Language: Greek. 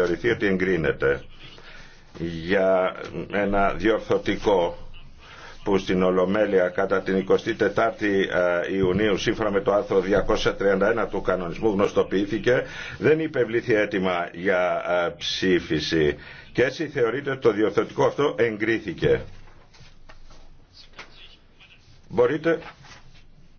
θεωρηθεί ότι εγκρίνεται για ένα διορθωτικό που στην Ολομέλεια κατά την 24η ε, Ιουνίου σύμφωνα με το άρθρο 231 του κανονισμού γνωστοποιήθηκε δεν υπευλήθη έτοιμα για ε, ψήφιση και έτσι θεωρείται ότι το διορθωτικό αυτό εγκρίθηκε. Μπορείτε